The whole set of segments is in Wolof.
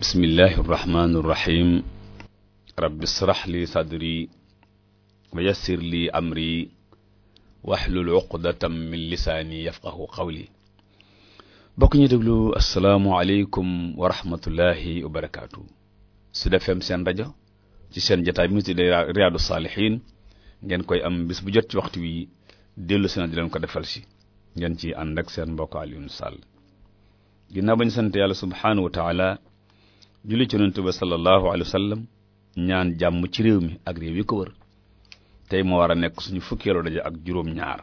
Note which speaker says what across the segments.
Speaker 1: bismillahi irrahmani irrahim rabbi israh li sadri wa li amri wahlul uqdatam min lisaani yafqahu qawli bokk ñu déglu asalaamualeykum wa rahmatullahi wa barakaatu Sud FM seen rajo ci seen jotaay bi ñu tuddee Riyadu Saalihiin ngeen koy am bis bu jot ci waxtu wi dellu seen di leen ko defal si ngeen ci ànd ak seen mbokk Alioune Sall ginnaaw ba ñu sant yàlla subhaanahu julli ci yonent ba sallallahu alayhi wa sallam ñaan jàmm ci réew mi ak réew yi ko wër tey moo war a nekk suñu fukkeelu daje ak juróom-ñaar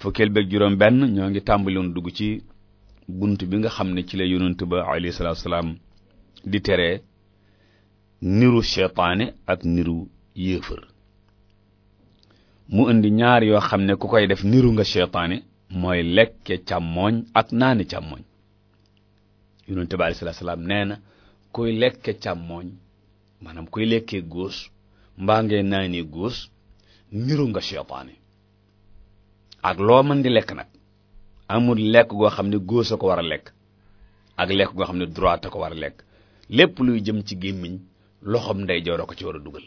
Speaker 1: fukkeel beeg juróom-benn ñoo ngi tàmbaloon dugg ci bunt bi nga xam ne ci la yonent ba alayhi salaam di tere niru seytaane ak niru yéefër mu indi ñaar yoo xam ne ku koy def niru nga seytaane mooy lekke càmmooñ ak naani càmmoñ yonente bi alayhi salaatu salaam nee na kuy lekke càmmooñ maanaam kuy lekkee góos mbaa naa naanee góos ngiru nga seytaane ak loo mën di lekk nag amul lekk goo xam ne góos a ko war a lekk ak lekk goo xam ne droit a ko war a lekk lépp luy jëm ci gémmiñ loxoom ndeyjoor a ko ci war a dugal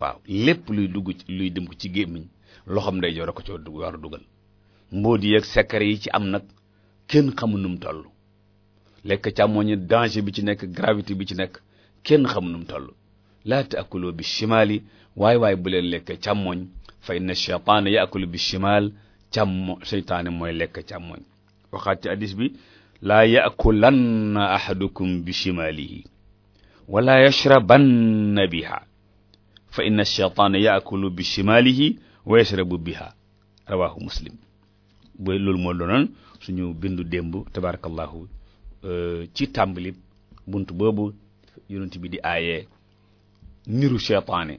Speaker 1: waaw lépp luy dugg luy ko ci gémmiñ loxoom ndeyjoor a ko ci war a dugal mbóot yeeg sekkare yi ci am nag kenn xamu num toll lekk càmmoñu danger bi ci nekk gravité bi ci nekk kenn xam nu mu toll laa taakulu bi shimaali waay waay bu lekk càmmoñ fa inna shaytaana yaakulu bi shimaal càmmo seytaane mooy lekk càmmoñ waxaat ci hadis bi laa yaakulanna ahadukum bi shimaalihi wala yashrabanna biha fa inna shaytaana bi shimaalihi wa muslim suñu bindu démb tabarakallahu Euh, ci tàmbali bunt boobu yonent bi di aayee niru seytaane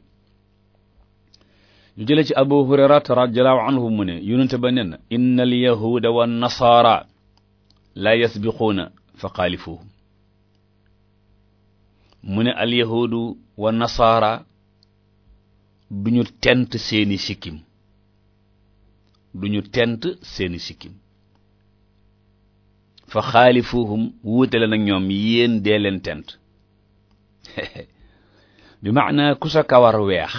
Speaker 1: ñu jële ci abu hurairata radiallahu anhu mu ne yonente ba nen inna al yahuda wa nasaara la yasbiquuna fa xaalifuhum mu ne al wa nasaara duñu tent seeni sikkim duñu tent seeni sikkim fa xaalifuhum wuutale nag ñoom yéen dee leen tent bi maana ku sa kawar weex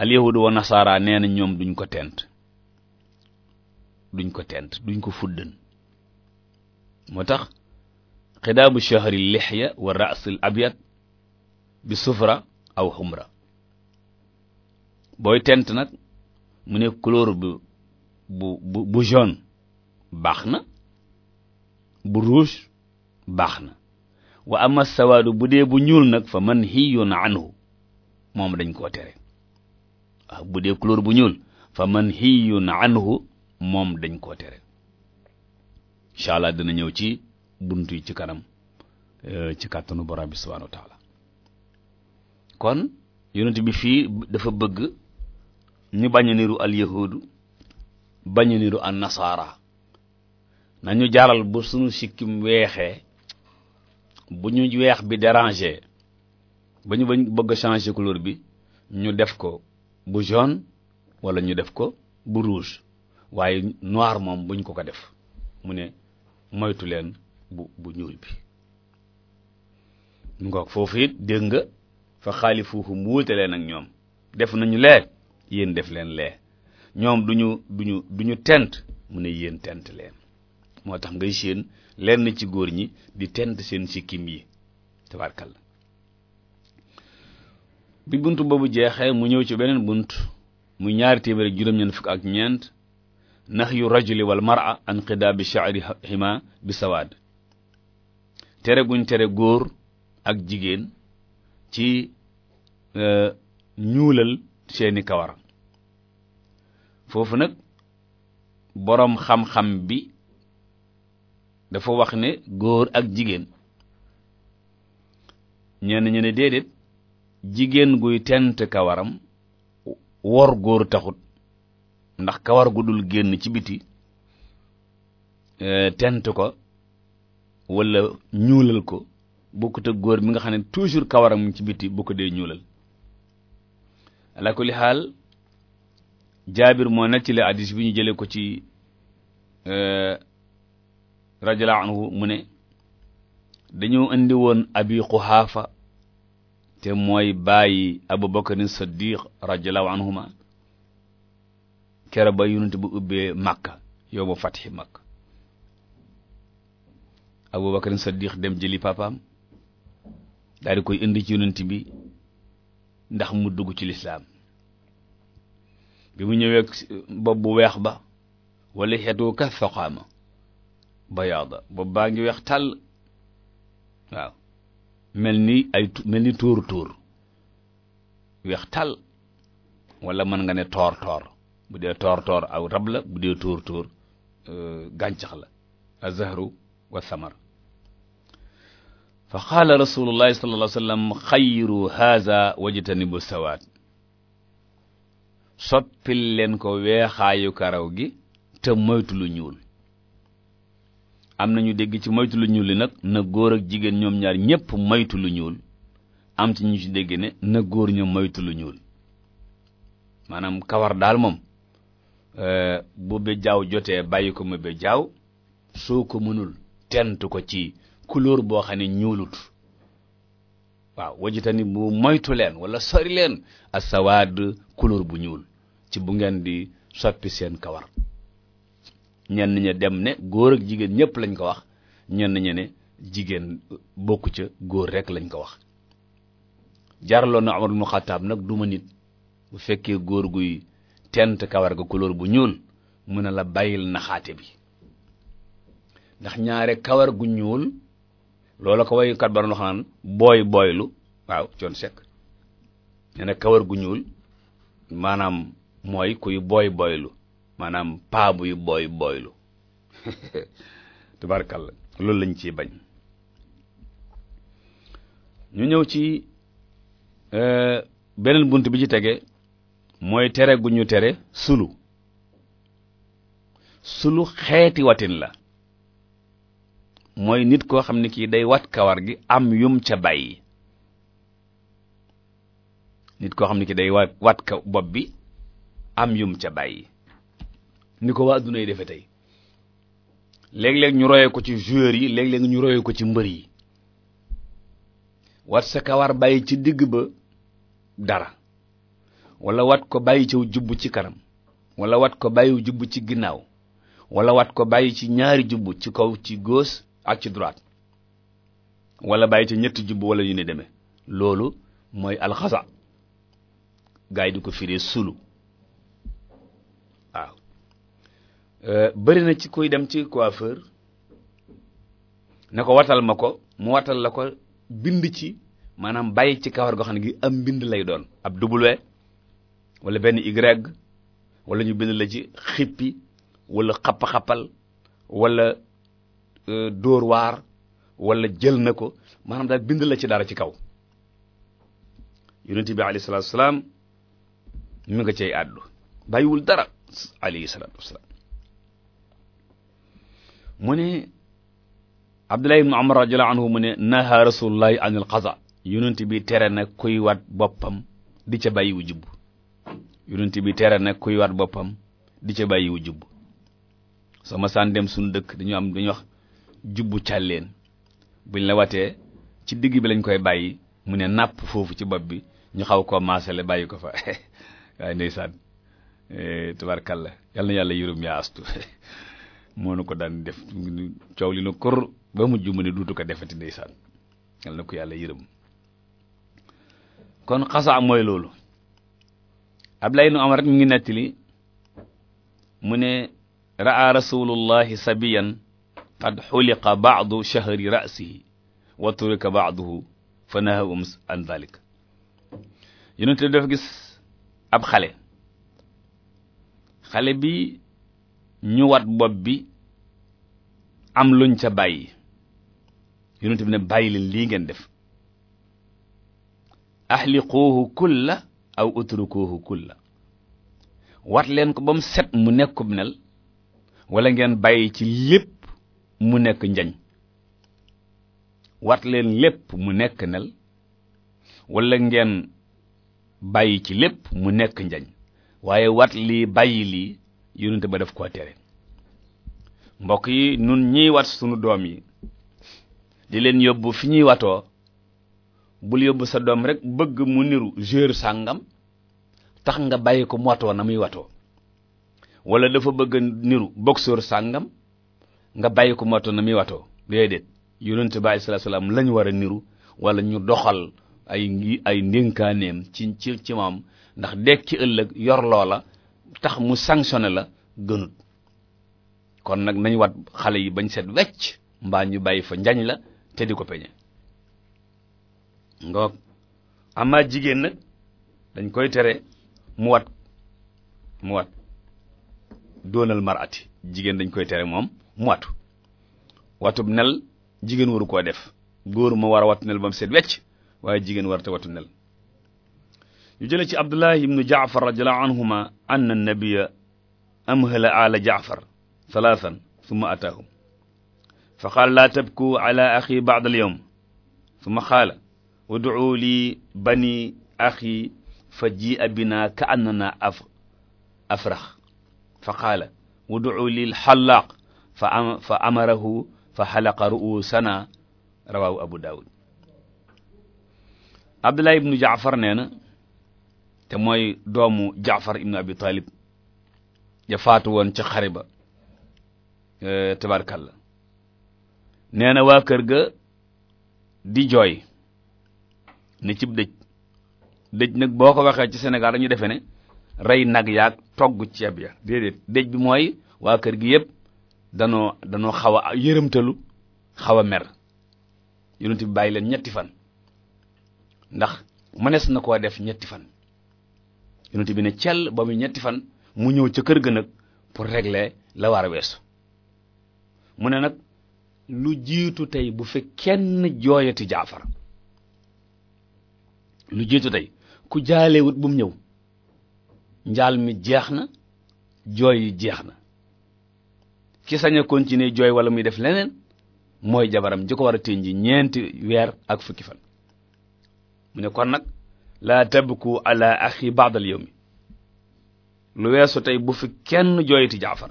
Speaker 1: al wa nasaara nee na ñoom duñ ko tent duñ ko tent duñ ko fuddën moo tax xidaamu shahri lixya wa rasul abyad bi sufra aw xumra booy tent nag mu ne couleur bu bu bu jaune baax na bu rouge baax na wa am sawaadu bu dee bu ñuul nag fa man hiyun anhu moom dañ koo tere waaw bu dee couleur bu ñuul fa man na anhu moom dañ koo tere incha allah dina ñëw ci bunt yi ci kanam eh, ci kàttanu borom bi subhanahu kon yonent bi fii dafa bëgg ñu bañ a niru al yahudu niru an nasaara nañu jaral bu suñu sikkim weexee bu ñu weex bi déranger ba ñu bañ bëgg a changer couleur bi ñu def ko bu jaune wala ñu def ko bu rouge waaye noir moom buñ ko ko def mu ne moytu leen bu bu ñuul bi ñu ko foofu it dégg nga fa xaalifuhum wuute leen ak ñoom def nañu lee yéen def leen lee ñoom duñu duñu duñu tent mu ne yéen tent leen moo tax ngay séen lenn ci góor ñi di tent seen sikkim yi tabarkalla bi bunt boobu jeexee mu ñëw ci beneen bunt mu ñaari téeméer ak juróom-ñeent fukk ak ñeent nax yu rajuli wal mar'a an xidaabi sha'ri hima bi sawaad tere guñ tere góor ak jigéen ci e, ñuulal seeni kawara foofu nag boroom xam-xam bi dafa wax ne góor ak jigéen ñenn ñu ne déedéet jigéen guy tent kawaram wor góor taxut ndax kawar gu dul génn ci biti e, tent ko wala ñuulal ko bokkut ak góor bi nga xam ne toujours kawaram ci biti bu ko dee ñuulal ala kulli xaal jaabir moo nettali hadiis bi ñu jëlee ko ci e, radiyallahu anhu mu ne dañoo indi woon abi quhaafa te mooy bàyyi abu bakarin siddiq radiyallahu anhuma kere ba yonent bu ubbee makka yow ma fatihi makka abu bakarin siddiq dem jëli papaam daal koy indi ci yonent bi ndax mu dugg ci lislaam bi mu ñëwee bopp bu weex ba wala xeetu ka soxaama bayaada boobu baa ngi weex tàll waaw mel ni ay mel ni tóor tóor weex tàll wala mën nga ne toor toor bu dee toor toor aw rab la bu dee tóor tóor euh, gàncax la azahru wa samar fa qaala rasulullahi sallallahu alayhi wa sallam xayru haza wajtanibu sawaat soppil leen ko weexaayu karaw gi te moytu lu ñuul am nañu dégg ci moytu lu ñuul li nag na góor ak jigéen ñoom ñaar ñépp moytu lu ñuul am ci ñu dégg ne na góor ñoom moytu lu ñuul maanaam kawar daal moom euh, bu be jaaw jotee bàyyi ko mu be jaaw soo ko mënul tentu ko ci couleur boo xam ne ñuulut waaw wajitani bu moytu leen wala sori leen asawaad couleur bu ñuul ci bu ngeen di soppi seen kawar ñenn ña dem ne góor ak jigéen ñëpp lañ ko wax ñenn ña ne jigéen bokk ca góor rekk lañ ko wax jaaraloon na Umar ibn Xattaab nag duma nit bu fekkee góor guy tent kawar ga couleur bu ñuul mën na la bàyyil naxaate bi ndax ñaare kawar gu ñuul loolu ko way kat baroon xanaan booy booylu waaw coon sekk nee kawar gu ñuul maanaam mooy kuy booy booylu maanaam paa yu booy booylu tubaarkàlla loolu lañ ci bañ ñu ñëw ci euh, beneen bunt bi ci tege mooy tere gu ñu tere sulu sulu xeeti watin la mooy nit koo xam ne kii day wat kawar gi am yum ca bàyyi nit koo xam ne kii day wat wat bopp bi am yum ca bàyyi ni ko waa du nay defe tey léeg-léeg ñu royee ko ci joueurs yi léeg-léeg ñu royee ko ci mbër yi wat sa kawar bàyyi ci digg ba dara wala wat ko bàyyi ciw jubb ci kanam wala wat ko bàyyi jubb ci ginnaaw wala wat ko bàyyi ci ñaari jubb ci kaw ci góos ak ci droite wala bàyyi ci ñetti jubb wala yu ne demee loolu mooy alxasa gaa yi di ko firee suulu Euh, bari na ci kuy dem ci coiffeur ne ko watal ma ko mu watal la ko bind ci maanaam bàyyi ci kawar goo xam ne gi am mbind lay doon ab W wala benn Y wala ñu bind la ci xippi walla xappa-xappal wala euh, dóor waar walla jël na ko maanaam daal bind la ci dara ci kaw yonent bi alayhi salaatu wasalaam mi nga cay àddu bàyyiwul dara mu ne Abdullah ibn Umar radiyallahu anhu mu ne naha rasulullahi anil qaza yonent bi tere na kuy wat boppam di ca bàyyiwu jubb yonent bi tere na kuy wat boppam di ca bàyyiwu jubb sama saan dem suñu dëkk dañu am dañu wax jubbu càlleen buñ la watee ci digg bi lañ koy bàyyi mu ne nàpp foofu ci bopp bi ñu xaw koo maasale bàyyi ko fa waaye ndeysaan eh, tabarkalla yal na yàlla yërëm yaa astu moo nu ko daan def coow li na kor ba mujj mu ne duutu ko defati ndeysaan yal na ko yàlla yërëm kon xasaa mooy loolu Ablaye nu am rek mu ngi nettali mu ne ra'a rasulullahi sabiyan qad xuliqa ba'du shahri ra'sihi wa turika ba'duhu fa nahahum an dhalik yonente dafa gis ab xale xale bi ñu wat bopp bi am luñ ca bàyyi yonent bi ne bàyyi leen lii ngeen def ahliquuhu la aw utrukuuhu kulla wat leen ko ba mu set mu nekkub nel wala ngeen bàyyi ci lépp mu nekk njañ wat leen lépp mu nekk nel wala ngeen bàyyi ci lépp mu nekk njañ waaye wat bàyyi lii yonente ba def ko tere mbokk yi nun ñiy wat sunu doom yi di leen yóbbu fi ñuy watoo bul yóbbu sa doom rekk bëgg mu niru jeur sàngam tax nga bàyyi ko mu watoo na muy watoo wala dafa bëgg sàngam nga bàyyi ko mu watoo na muy watoo déedéet yonente ba alayhi salaatu salaam lañu war a niru wala ñu doxal ay ay ndénkaaneem ci ci ci moom ndax dekk ci ëllëg yor loola tax mu sanctionné la gënut kon nag nañ wat xale yi bañ set wecc mbaa ñu bàyyi fa njañ la te di ko peñe ngoog amaa jigéen nag dañ koy tere mu wat mu wat doonal marati jigéen dañ koy tere moom mu watu watub nel jigéen waru koo def góor ma war a watu nel ba mu seet wecc waaye jigéen war te watu nel ñu jëlee ci abdullahi ibnu jaafar radiallahu anhuma anna nabiya amhala ala jaafar thalathan thumma ataahum fa qaala laa tabku ala axi ba'da al-yawm thumma qaala ud'u li bani axi fa ji'a binaa ka'annanaa af afrax fa qaala ud'u li al-hallaaq fa am fa amarahu fa halaqa ru'uusanaa rawaahu abu daawud abdullahi ibnu jaafar nee na te mooy doomu jafar ibn Abi Talib ja faatu woon ca xare ba e, la nee na waa kër ga di jooy ne cib déj dëj nag boo ko waxee ci senegal a dañu defe ne rey nag yaag togg ceeb ya déedéet dëj bi mooy waa kër gi yëpp danoo danoo xaw a yërëmtalu xaw a mer yonent bi bàyyi leen ñetti fan ndax mënees na koo def ñetti fan yonent bi ne cell ba muy ñetti fan mu ñëw ca kër ga nag pour régler la war a weesu mu ne nag lu jiitu tey bu fi kenn jooyati jaafar lu jiitu tey ku jaalewut bu mu ñëw njaal mi jeex na jooy yi jeex na ki sañ a continuer jooy wala muy def leneen mooy jabaram ji war a ji ñeenti weer ak fukki fan mu ne kon nag laa tabku ala axi baad al yawmi lu weesu tey bu fi kenn jooyti jaafar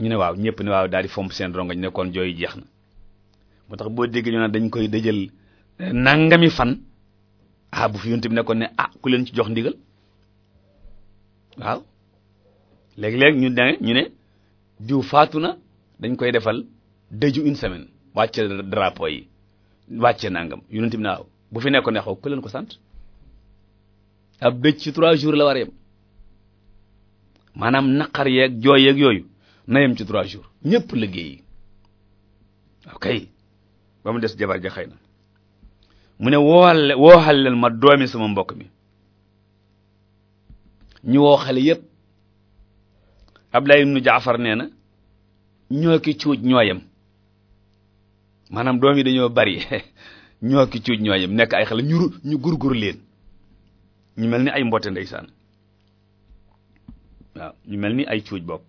Speaker 1: ñu ne waaw ñëpp ne waaw daal di fomp seen rongañ ne kon jooy jeex na moo tax boo déggee ñu naan dañ koy dëjël eh, nangami fan ah bu fi yonte bi nekkoon ne ah ku leen ci jox ndigal waaw léegi-léegi ñu ne ñu ne diw faatu na dañ koy defal dëju une semaine wàcce drapo yi wàcce nangam yonente bi ne waaw bu fi nekkoon ne xaw ku ko sant ab dëj ci trois jours la war yem maanaam naqar yeeg jooy yeeg yooyu na yem ci trois jours ñëpp liggéey yi ok ba mu des jabar ja xëy na mu ne wooxal wooxal leen ma doomi sama mbokk mi ñu woo xale yëpp Abdullah ibnu Jaafar nee na ñoo ki cuuj ñooyam maanaam doom yi dañoo bari ñoo ki cuuj ñoo yem nekk ay xale ñu ñu gurgur leen ñu mel ni ay mbote ndeysaan waaw ñu mel ni ay cuuj bopp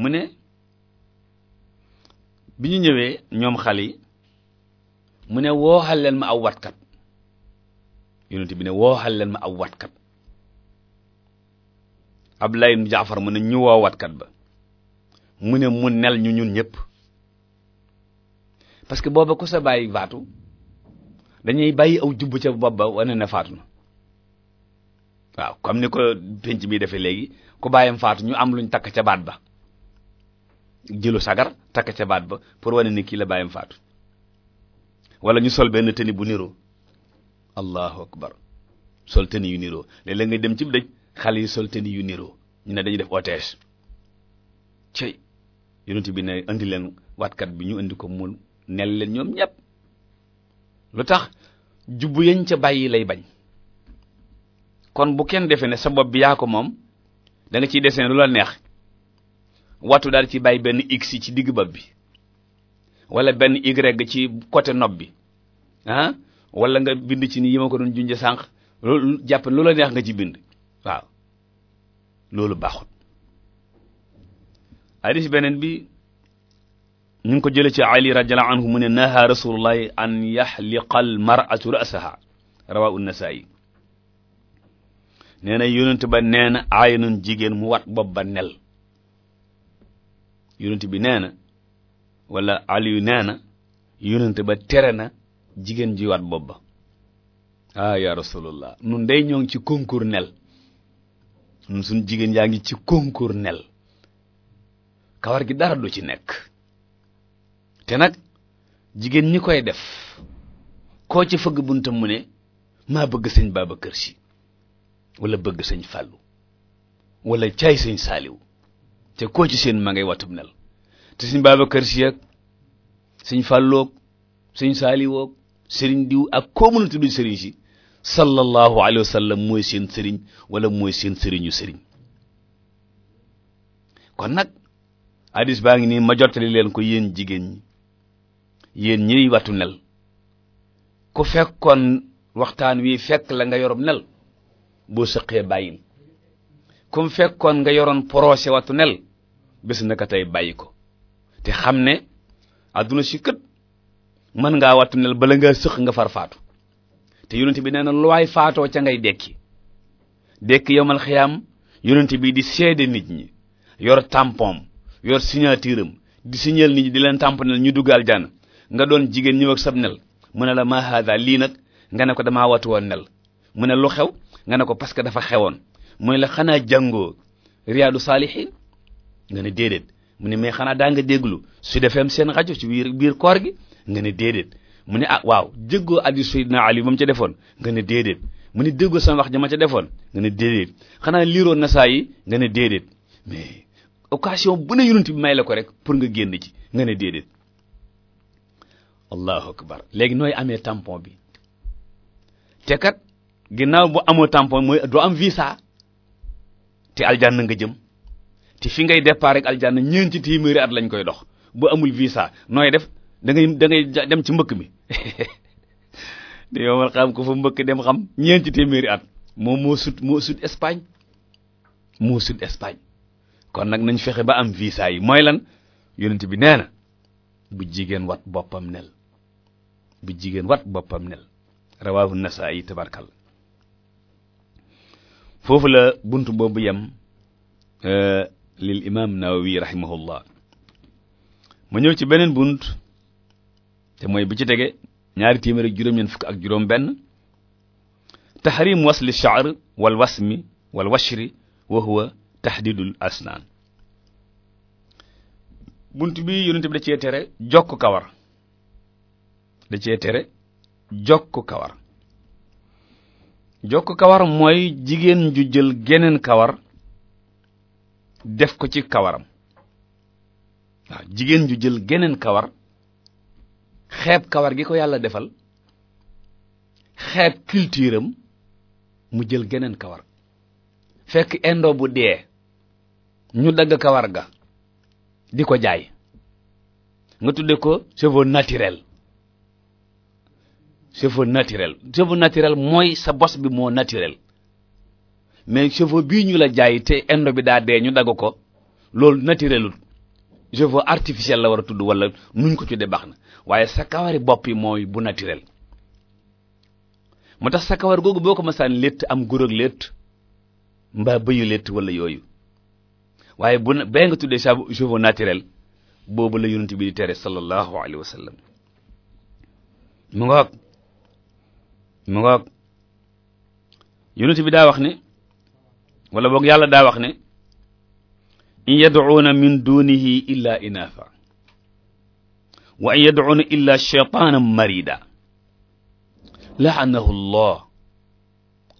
Speaker 1: mu ne bi ñu ñëwee ñoom xale yi mu ne wooxal leen ma aw watkat yonent bi ne wooxal leen ma aw watkat ab ibn Jaafar mu ne ñu woo watkat ba mu ne mu nel ñu ñun ñëpp parce que booba ko sa bàyyi faatu dañuy bàyyi aw jubb ca bopp ba wane na faatu na waaw comme ni ko penc bi defee léegi ku bàyyam faatu ñu am lu ñu takk ca baat ba jëlu sagar takk ca baat ba pour wane ni kii la bàyyam faatu wala ñu sol benn tëni bu niroo allahu akbar sol tëni yu niroo léeg-léeg ngay dem ci dëj xale yu sol tëni yu niroo ñu ne dañuy def otage cey yonent bi ne indi leen watkat bi ñu indi ko mu nel leen ñoom ñépp lu tax jubbu yañ ca bàyyi lay bañ kon bu kenn defee ne sa bopp bi yaa ko moom danga nga ciy dessin lu la neex wattu daal ci bàyyi benn x ci diggu bopp bi wala benn y ci côté nopp bi ah wala nga bind ci ni yi ma ko doon junje sànq loolu jàpp lu la neex nga ci bind waaw loolu baaxut hadis beneen bi ñu ngi ko jëlee ci ali radiyallahu anhu mu ne naha rasulullahi an yaxliqa al mar'atu ra'saha rawahu an-nasa'i nee na yonent ba nee na jigéen mu wat bopp ba nel yonent bi neena na wala yu nee na yonent ba tere na jigéen ji wat bopp ba ah ya rasulullah nun day ñoo ngi ci concours nel nun suñ jigéen jaa ngi ci concours nel kawar gi dara du ci nekk te nag jigéen ñi koy def koo ci fëgg buntam mu ne maa bëgg sëñ kër Si wala bëgg sëñ Fàllu wala caay sëñ Saaliw te koo ci seen ma ngay watub nel te sëñ Babacar Si ak sëñ Fàlloog sëñ Saaliwoog sëriñ diw ak koo mën a tudd sëriñ si sallallahu alayhi wa mooy seen sëriñ wala mooy seen sëriñu sëriñ kon nag hadis baa ngi nii ma jottali leen ko yéen jigéen ñi yéen ñiy wattu nel ku fekkoon waxtaan wi fekk la nga yorob nel boo sëqee bàyyil kum fekkoon nga yoroon procès wattu nel bés naka tey bàyyi ko te xam ne àdduna si kët mën ngaa wattu nel bala ngaa sëq nga far faatu te yonent bi nee na luwaay faatoo ca ngay dekki dekki yomal xiyaam yonent bi di seede nit ñi yor tampon yor signature am di signal nit ñi di leen tàmp tamponel ñu dugg aljana nga doon jigéen ñëw ak sab nel mu ne la ma hada lii nag nga ne ko damaa watu woon nel mu ne lu xew nga ne ko parce que dafa xewoon mu ne la xanaa jàngoo riyaadu saalihiin nga ne déedéet mu ne mais xanaa daa nga déglu su defeem seen rajo ci biir biir koor gi nga ne déedéet mu ne ah waaw déggoo addi Seydina Ali ba mu defoon nga ne déedéet mu ne déggoo sama wax ja ma ca defoon nga ne déedéet xanaa liiroo nasaa yi nga ne déedéet mais occasion bu ne yonent ti may la ko rek pour nga génn ci nga ne déedéet allahu akbar léegi nooy amee tampon bi te kat ginnaaw bu amoo tampon mooy doo am visa te aljanna nga jëm te fi ngay départ rek aljanna ñeen ci téeméeri at lañ koy dox bu amul visa nooy def da ngay da ngay dem ci mbëkk mi di yomal xam ko fa mbëkk dem xam ñeen ci téeméeri at moom moo sut moo sut Espagne moo sut Espagne kon nag nañ fexe ba am visa yi mooy lan yonent bi nee na bu jigéen wat boppam nel bu jigéen wat boppam nel rawaahu nasaa'i tabarkal foofu la bunt boobu yem euh, lil imaam nawawi rahimahullah ma ñëw ci beneen bunt te mooy bi ci tege ñaari téeméer ak juróom-ñeent fukk ak juróom benn tahrim wasli sha'r wal wasmi wal washri wa huwa tahdidul asnaan bunt bi yonent bi da cee tere jokk kawar da cee tere jokk kawar jokk kawar mooy jigéen ju jël geneen kawar def ko ci kawaram waaw jigéen ju jël geneen kawar xeeb kawar gi ko yàlla defal xeeb culture mu jël geneen kawar fekk indo bu dee ñu dagg kawar ga di ko jaay nga tudde ko cheveux naturel cheveux naturel cheveux naturel mooy sa bos bi moo naturel mais cheveux bii ñu la jaay te indo bi daa dee ñu dagg ko loolu naturelul cheveux artificiel la war a tudd walla nuñ ko tuddee baax na waaye sa kawari bopp yi mooy bu naturel moo tax sa kawar googu boo ko ma masaan létt am góróog létt mbaa bëyu létt wala yooyu waaye bu bee nga tuddee sa cheveux naturel boobu la ti bi di tere sallallahu alayhi wa mu nga yonent bi daa wax ne wala boog yàlla daa wax ne in yad'una min dunihi illa inafa wa in yad'una illa shaytanan marida la'anahu allah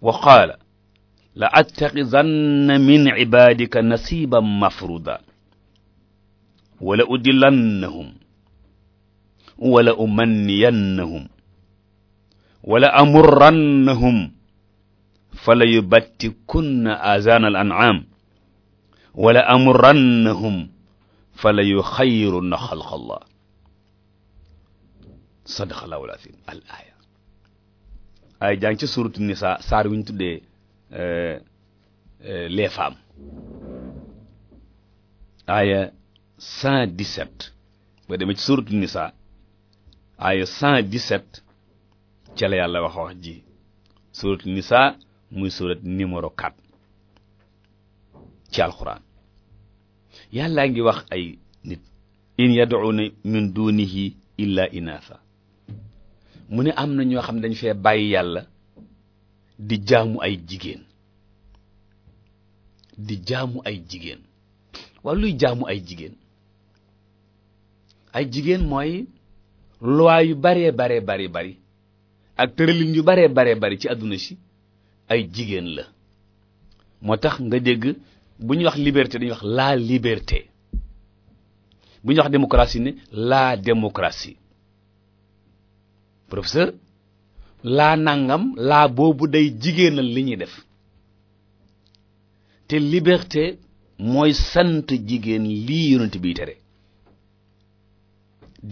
Speaker 1: wa qaala la attaxidanna min ibadika nasiban mafruda wala udillannahum wala umanniyannahum wala amurrannahum fala yubattikunna azan al an'am wala amurrannahum fala yuxayyirunna xalqa allah sadaqa allahu al-aziim al aaya ay jàng ci suuratu nisaa saar wi ñu tuddee euh, euh, les femmes aaya 117 ba demee ci suuratu nisaa aaya 117 ca la yàlla wax wax ji surat nisa muy surat numéro 4 ci alxuraan yàlla ngi wax ay nit in yad'una min dunihi illa inaasa mu ne am na ñoo xam dañ fee bàyyi yàlla di jaamu ay jigéen di jaamu ay jigéen waaw luy jaamu ay jigéen ay jigéen mooy loi yu bare bare bari bari ak tëralin yu baree baree bari ci àdduna si ay jigéen la moo tax nga dégg bu ñuy wax liberté dañuy wax laa liberté bu ñuy wax démocratie ne laa démocratie professeur laa nangam laa boobu day jigéenal li ñuy def te liberté mooy sant jigéen lii yonent biy tere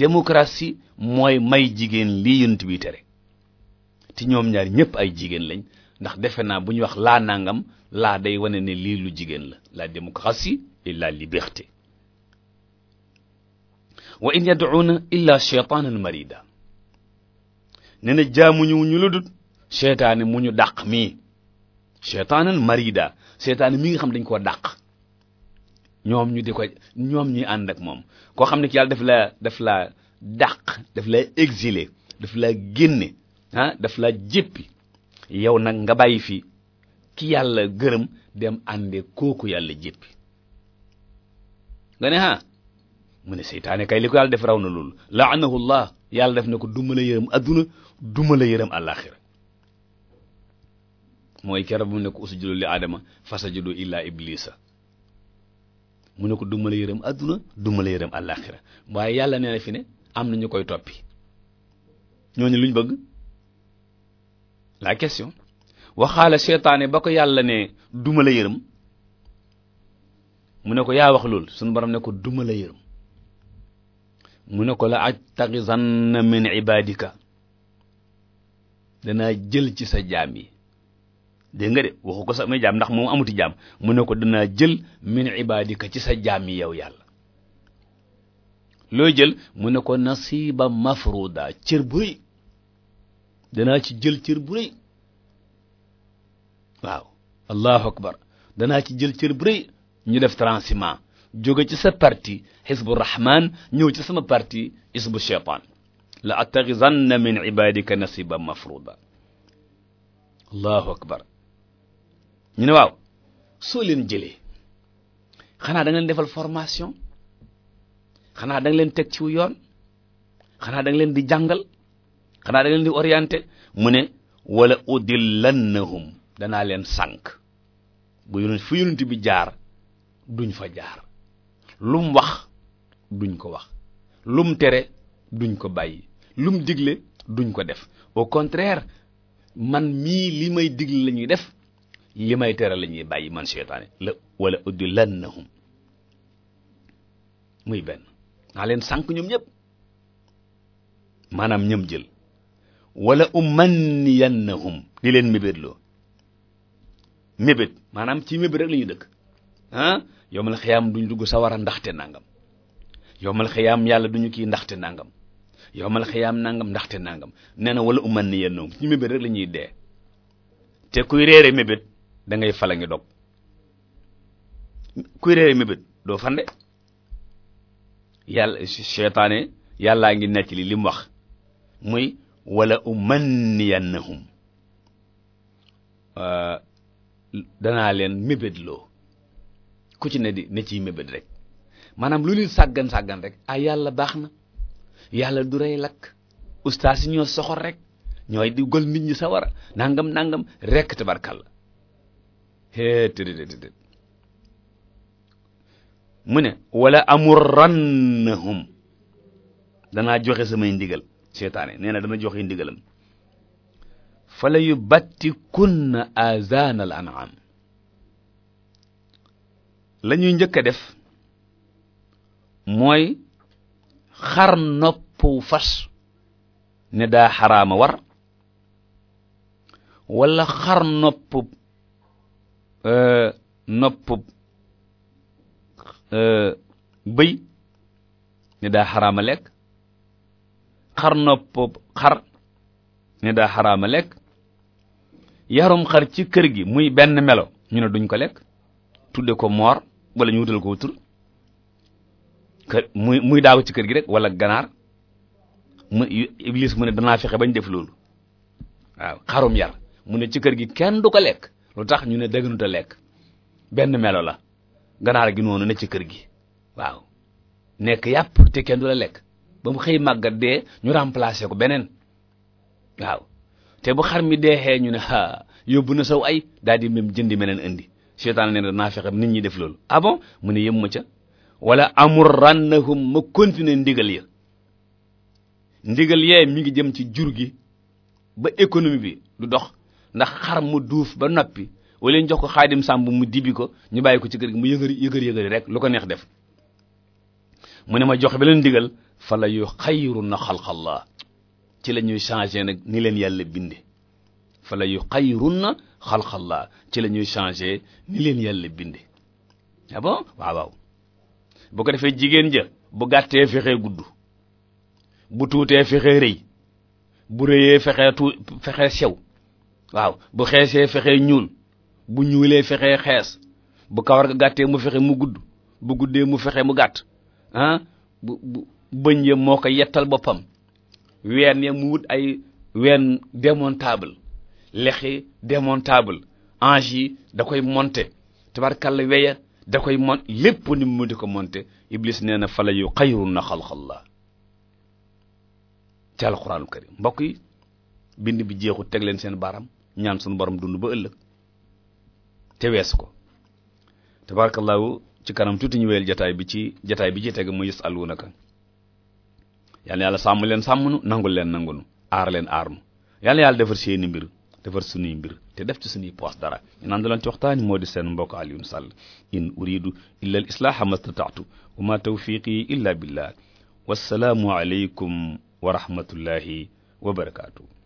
Speaker 1: démocratie mooy may jigéen lii yonent biy tere ci ñoom ñaar ñëpp ay jigéen lañ ndax defe naa bu ñu wax laa nangam laa day wane ne lii lu jigéen la la démocratie et la liberté wa in yad'una illa shaytanan marida ne na jaamuñu ñu lu dut seytaane mu ñu dàq mii seytaanan marida seytaane mi nga xam dañ koo dàq ñoom ñu di ko ñoom ñuy ànd ak moom koo xam ne ki yàlla daf la daf la dàq daf la exilé daf la génne ah daf la jéppi yow nag nga bàyyi fi ki yàlla gërëm dem ànde kooku yàlla jéppi nga ne ah mu ne seytaane kay li ko yàlla def raw na loolu laanahu llah yàlla def na ko duma la yërëm adduna duma la yërëm mooy keroog mu ne ko usjudu li aadama fasajudu illa iblisa mu ne ko duma yërëm adduna duma la yërëm àllaaxira waaye yàlla nee na fi ne am na ñu koy toppi ñooñu luñ bëgg la question waxaale seytaane ba ko yàlla ne duma la yërëm mu ne ko yaa wax loolu suñu borom ne ko duma la yërëm mu ne ko la ajtaxisanna min ibadika danaa jël ci sa jaam yi dégg nga de waxu ko sama jaam ndax moom amuti jaam mu ne ko danaa jël min ibadika ci sa jaam yi yow yàlla loo jël mu ne ko nasiba mafruda cër bu rëy danaa ci jël cër bu waaw allahu akbar danaa ci jël cër bu rëy ñu def transiment jóge ci sa parti xisbu rahman ñëw ci sama parti xisbu shaytan la attaxisanna min ibadika nasiba mafruda allahu akbar ñu ne waaw soo leen jëlee xanaa da leen defal formation xanaa da leen teg ci wu yoon xanaa da leen di jàngal xanaa da leen di orienté mu ne wala udillannahum danaa leen sànq bu yonent fu yonent bi jaar duñ fa jaar lum wax duñ ko wax lum tere duñ ko bàyyi lum digle duñ ko def au contraire man mii li may digle la ñuy def li may tere la ñuy bàyyi man seytaane la wala udillannahum muy benn naa leen sànq ñoom ñëpp maanaam ñëm jël wala umanniyannahum di leen mébét loo mébét maanaam ci mébét rek la ñuy dëkk ah yowmal xiyaam duñ dugg sawara ndaxte nangam yowmal xiyaam yàlla duñu kii ndaxte nangam yowmal xiyaam nangam ndaxte nangam nee na wala umanniyannahum ci mébét rek la ñuy dee te kuy réere mébét dangay fal fala ngi dog kuy réere mébét doo fande yàlla seytaane yàllaa ngi nekk li lim wax muy wala umanniyannahum euh, danaa leen loo ku ci ne di ne ciy mébét rek maanaam lu leen sàggan sàggan rek ah yàlla baax na yàlla du rey lakk ustaas yi ñoo soxor rek ñooy di gol nit ñi sawara nangam nangam rek tabarkalla hee tëdd mu ne wala amurannahum danaa joxe samay ndigal seytaane nee na dama joxe ndigalam fala yu batti kunna azanal an'am la ñuy njëkk a def mooy xar noppu fas ne daa xaraama war wala xar noppu euh, noppu euh, bëy ne daa xaraama lekk xar nopp xar ne daa xaraama lekk yarum xar ci kër gi muy benn melo ñu ne duñ ko lekk tudde ko moor wala ñu wutal ko tur kër muy muy daaw ci kër gi rek wala ganaar mu mu ne danaa fexe bañ def loolu waaw xarum yar mu ne ci kër gi kenn du ko lekk lu tax ñu ne dëgganuta lekk benn melo la ganaar gi noonu ne ci kër gi waaw nekk yàpp te kenn du la lekk ba mu xëy màggat dee ñu remplacer ko beneen waaw te bu xar mi deexee ñu ne a yóbbu na saw ay daal di même jëndi meneen indi seytaan ne naa fexe nit ñi def loolu ah mu ne yëm ma ca wala amurannahum ma continuer ndigal ya ndigal yee mi ngi jëm ci jur gi ba économie bi du dox ndax xar mu duuf ba noppi wala ñu jox ko xaadim sàmb mu dibi ko ñu bàyyi ko ci kër gi mu yëgër yëgër yëgër rek lu ko neex def mu ne ma jox beneen ndigal fa la yu xayru na xalqallah ci la ñuy changé nag ni leen yàlla binde fa la yu xayrun na xalqallah ci la ñuy changé ni leen yàlla binde ah bon waaw ko defee jigéen ja bu gàttee fexee gudd bu tuutee fexe rëy bu rëyee fexe tuu fexe sew waaw bu xeesee fexe ñuul bu ñuulee fexe xees bu kawar ga gàttee mu fexe mu gudd bu guddee mu fexe mu gàtt ah? bëñ ya moo ko yettal boppam ween ya mu wut ay ween démontable lexi démontable ange yi da koy monter tabarkalla weya da koy mon lépp ni mu mu di ko monter iblis nee na fala yu xayrun na xalxallaa ci alxuraanu karim mbokk yi bind bi jeexul teg leen seen baram ñaan suñu borom dund ba ëllëg te weesu ko tabarakallaahu ci kanam tuuti ñu wéyal jataay bi ci jataay bi ci teg mu yës alunaka yal na yàlla sàmm leen sàmm nu nangul leen nangu nu aar leen aar nu yal na yàlla defar seeni mbir defar suñuy mbir te def ci suñuy poos dara ñu naan dalan ci waxtaani moo di seen mbokk Alioune Sall in uridu illa al islaaha mastata'tu wa ma tawfiqi illa billah wassalaamu aleykum wa rahmatullahi wa barakaatuh